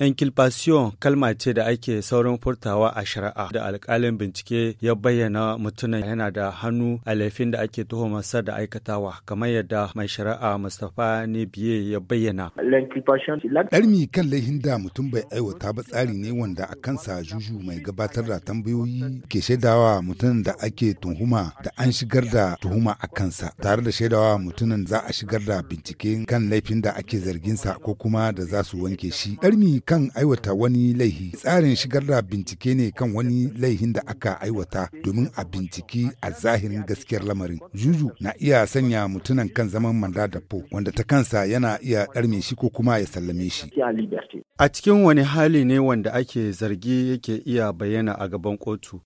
Inculpation kalma ce da ake saurin furtawa a shari'a da alkalin bincike ya bayyana mutumin yana da hannu a laifin da ake tuhumarsa da aikatawa kamar yadda mai shari'a Mustapha biye ya bayyana. Ɗarmi kan laifin da mutum bai aiwata ba tsari ne wanda a kansa juju mai gabatar da tambayoyi ke shaidawa mutumin da ake tuhuma da an shigar da tuhuma a kansa tare da shaidawa mutumin za a shigar da bincike kan laifin da ake zarginsa ko kuma da za su wanke shi. Ɗarmi kan aiwata wani laihi tsarin shigar da bincike ne kan wani laihin da aka aiwata domin a binciki a zahirin gaskiyar lamarin juju na iya sanya mutunan kan zaman manda da po wanda ta kansa yana iya ɗarme shi ko kuma ya sallame shi a cikin wani hali ne wanda ake zargi yake iya bayyana a gaban kotu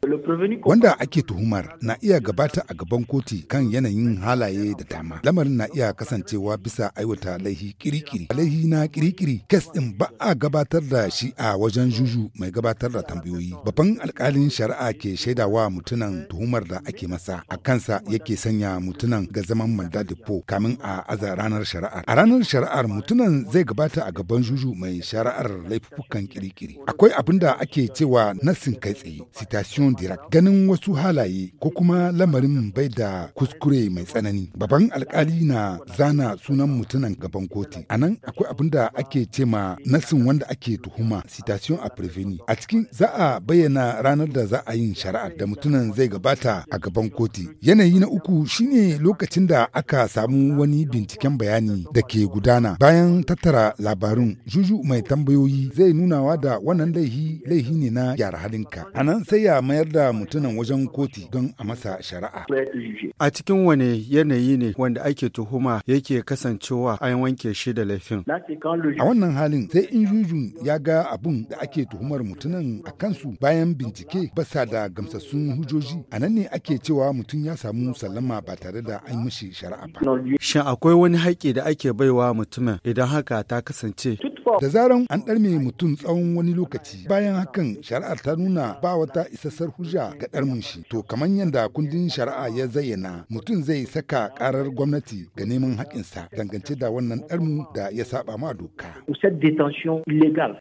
wanda ake tuhumar na iya gabata a gaban koti kan yanayin halaye da dama lamarin na iya kasancewa bisa aiwata laihi kirikiri laihi na kirikiri kes din ba a gabatar da shi a wajen juju mai gabatar da tambayoyi babban alkalin shari'a ke shaidawa mutunan tuhumar da ake masa a kansa yake sanya mutunan ga zaman manda depo kamin a aza ranar shari'ar a ranar shari'ar mutunan zai gabata a gaban juju mai shari'ar laifukan kirikiri akwai abin da ake cewa nassin kai tsaye citation direct ganin wasu halaye ko kuma lamarin bai da kuskure mai tsanani babban alkali na zana sunan mutunan gaban koti anan akwai abin da ake ce ma nassin wanda ake ake tuhuma citation a preveni a cikin za a bayyana ranar da za a yin shari'ar da mutumin zai gabata a gaban koti yanayi na uku shine lokacin da aka samu wani binciken bayani da ke gudana bayan tattara labarin. juju mai tambayoyi zai nunawa da wannan laihi laihi ne na gyara halinka a nan sai ya mayar da mutumin wajen koti don a masa shari'a a cikin wane yanayi ne wanda ake tuhuma yake kasancewa an wanke shi da laifin a wannan halin sai in jujun ya ga abun da ake tuhumar mutumin a kansu bayan bincike basa da gamsassun hujjoji a nan ne ake cewa mutum ya samu sallama ba tare da an mishi shari'a ba. Shin akwai wani haƙƙi da ake baiwa mutumin idan haka ta kasance? da zaran an ɗarme mutum tsawon wani lokaci bayan hakan shari'ar ta nuna ba wata isassar hujja ga ɗarmin shi to kamar yadda kundin shari'a ya zayyana mutum zai saka karar gwamnati ga neman haƙƙinsa dangance da wannan ɗarmin da ya saba ma doka. Gulf.